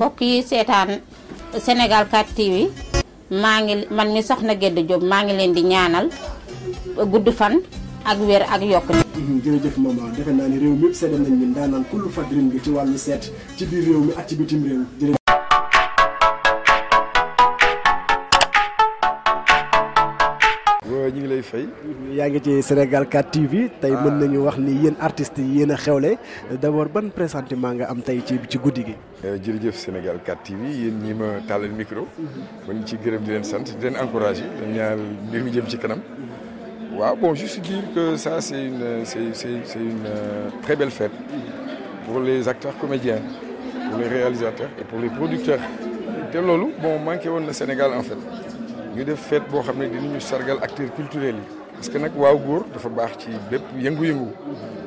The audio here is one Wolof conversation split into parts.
mbokk yi seetaan Sénégal 4 wi maa ngi man mi soxna Gédé Diop maa ngi leen di ñaanal gudd fan ak wér ak yokk jërëjëf maman defe naa ne réew mi yëpp seede nañ ni ndaanaan kullu fadrin bi ci wàllu seet ci biir réew mi ak ci bitim réew Faye. ci Sénégal 4 TV. tey mën nañu wax ni yéen artistes yi xewle d'abord ban pressentiment nga am tey ci ci gi. Euh, Sénégal 4 TV je suis ma tàllal micro. ma ñu ci gërëm di leen sant di leen encouragé di ñaar mbir jëm ci kanam. waaw bon juste dire que ça c'est une c'est c'est c'est une euh, très belle fête pour les acteurs comédiens pour les réalisateurs et pour les producteurs C'est loolu bon manqué woon Sénégal en fait ñu def fête boo xam ne dinañu sargal acteurs culturels yi parce que nag waaw góor dafa baax ci bépp yëngu-yëngu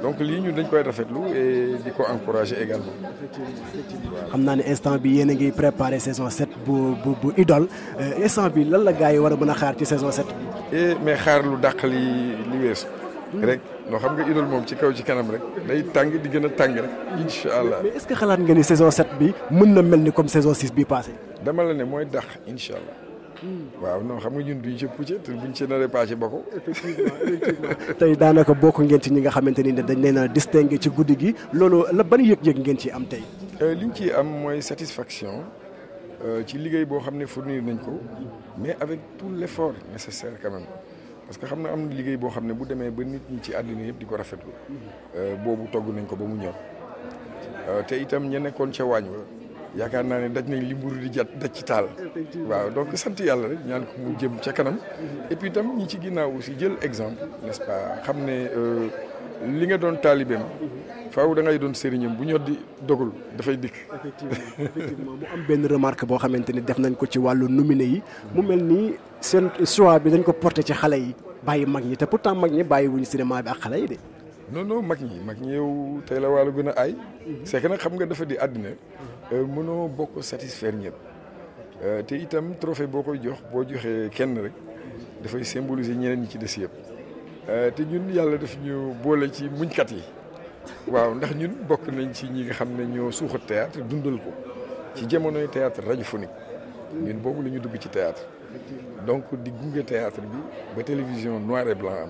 donc lii ñu dañ koy rafetlu et di ko encourager également. xam naa ne instant bi yéen a ngi préparé saison 7 bu bu bu idole euh, instant bi lan la gars yi war a mën a xaar ci saison 7 bi. Eh, mais xaar lu dàq li li weesu. Hmm. rek noo xam nga idole moom ci kaw ci kanam rek day tàng di gën a tàng rek incha allah. mais est-ce que xalaat nga ni saison 7 bi mën na mel ni comme saison 6 bi passé. dama la ne mooy dàq incha allah waaw non xam nga ñun duñ ci pucce te buñ ci naree paase ba ko. effectivement effectivement tey daanaka bokk ngeen ci ñi nga xamante ni dañ leen a distingué ci guddi gi loolu la ban yëg-yëg ngeen ci am tey. Euh, liñ ci am mooy satisfaction euh, ci liggéey boo xam ne fournir nañ ko mais avec tout l' effort nécessaire quand même parce que xam na am na liggéey boo xam ne bu demee ba nit ñi ci àddina yëpp di ko rafetlu euh, boobu togg nañ ko ba mu ñor te itam ña nekkoon ca waañ yaakaar naa ne daj nañ li mburu di jat daj ci taal waaw donc sant yàlla rek ñaan ko mu jëm ca kanam mhm. et puis ñi ci ginnaaw aussi jël exemple n'est-ce pas xam ne euh, li nga doon taalibeem mhm. faaw da ngay doon sëriñam bu ñor di dogul dafay dikk mu am benn remarque boo xamante ni def nañ ko ci wàllu nominé yi mu mel nii seen choix bi dañ ko porté ci xale yi bàyyi mag ñi te pourtant mag ñi bàyyi wuñu cinéma bi ak xale yi de non mag ñi mag ñi yow tey la wàllu gën a aay c'est nag xam nga dafa di àddina euh, mënoo bokk satisfaire ñëpp euh, te itam trophée boo koy jox boo joxee kenn rek dafay symboliser ñeneen ñi ci des yëpp euh, te ñun yàlla daf ñu boole ci muñkat yi waaw ndax ñun bokk nañ ci ñi nga xam ne ñoo suuxa théâtre dundal ko ci jamonoy théâtre radiophonique ñun boobu la ñu dugg ci théâtre donc di gunge théâtre bi ba télévision noir et blanc am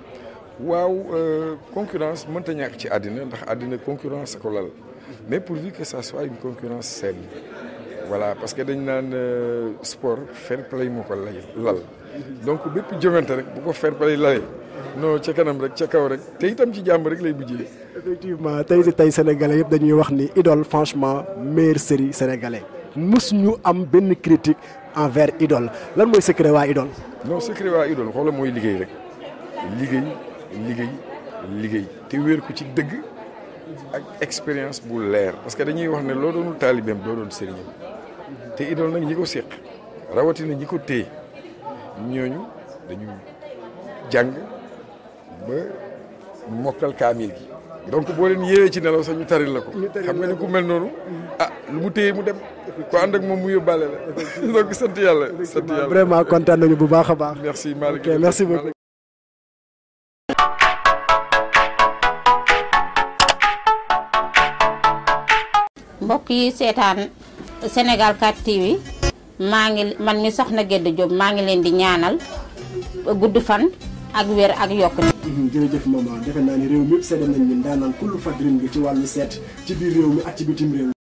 waaw euh, concurrence Maintenant, ñàkk ci àddina ndax àddina concurrence ko mais pourvu que ça soit une concurrence saine voilà parce que dans naan euh, sport fair play mon collègue. lay lal donc bépp jongante rek bu ko fair play lalee non ca kanam rek ca kaw rek te itam ci jàmm rek lay effectivement tay si tey sénégalais yépp dañuy wax ni idole franchement meilleure série sénégalais mës am benn critique envers idole lan mooy secret waa idole. non secret waa idole xoolal mooy liggéey rek liggéey. liggéey liggéey te wéer ko ci dëgg ak expérience bu leer parce que dañuy wax ne loo doonul taalibeem doo doon sëriñam te idol nag ñi ko séq rawatina ñi ko téye ñooñu dañu jàng ba mokkal kaamil gi donc boo leen yéewee ci nelaw sax ñu taril la ko xam nga ni ku mel noonu mm-hmm. ah lu mu téye mu dem ko ànd ak moom mu yóbbaale la donc sant yàlla sant yàlla vraiment kontaan nañu bu baax a baax merci malik merci beaucoup mbokk yi seetaan Sénégal 4 wi maa ngi man mi soxna Gédé Diop maa ngi leen di ñaanal gudd fan ak wér ak yokk mhm, jërëjëf maman defe naa ni réew mi yëpp seede nañ ñun daanaan kullu fadrin bi ci wàllu seet ci biir réew mi ak ci bitim réew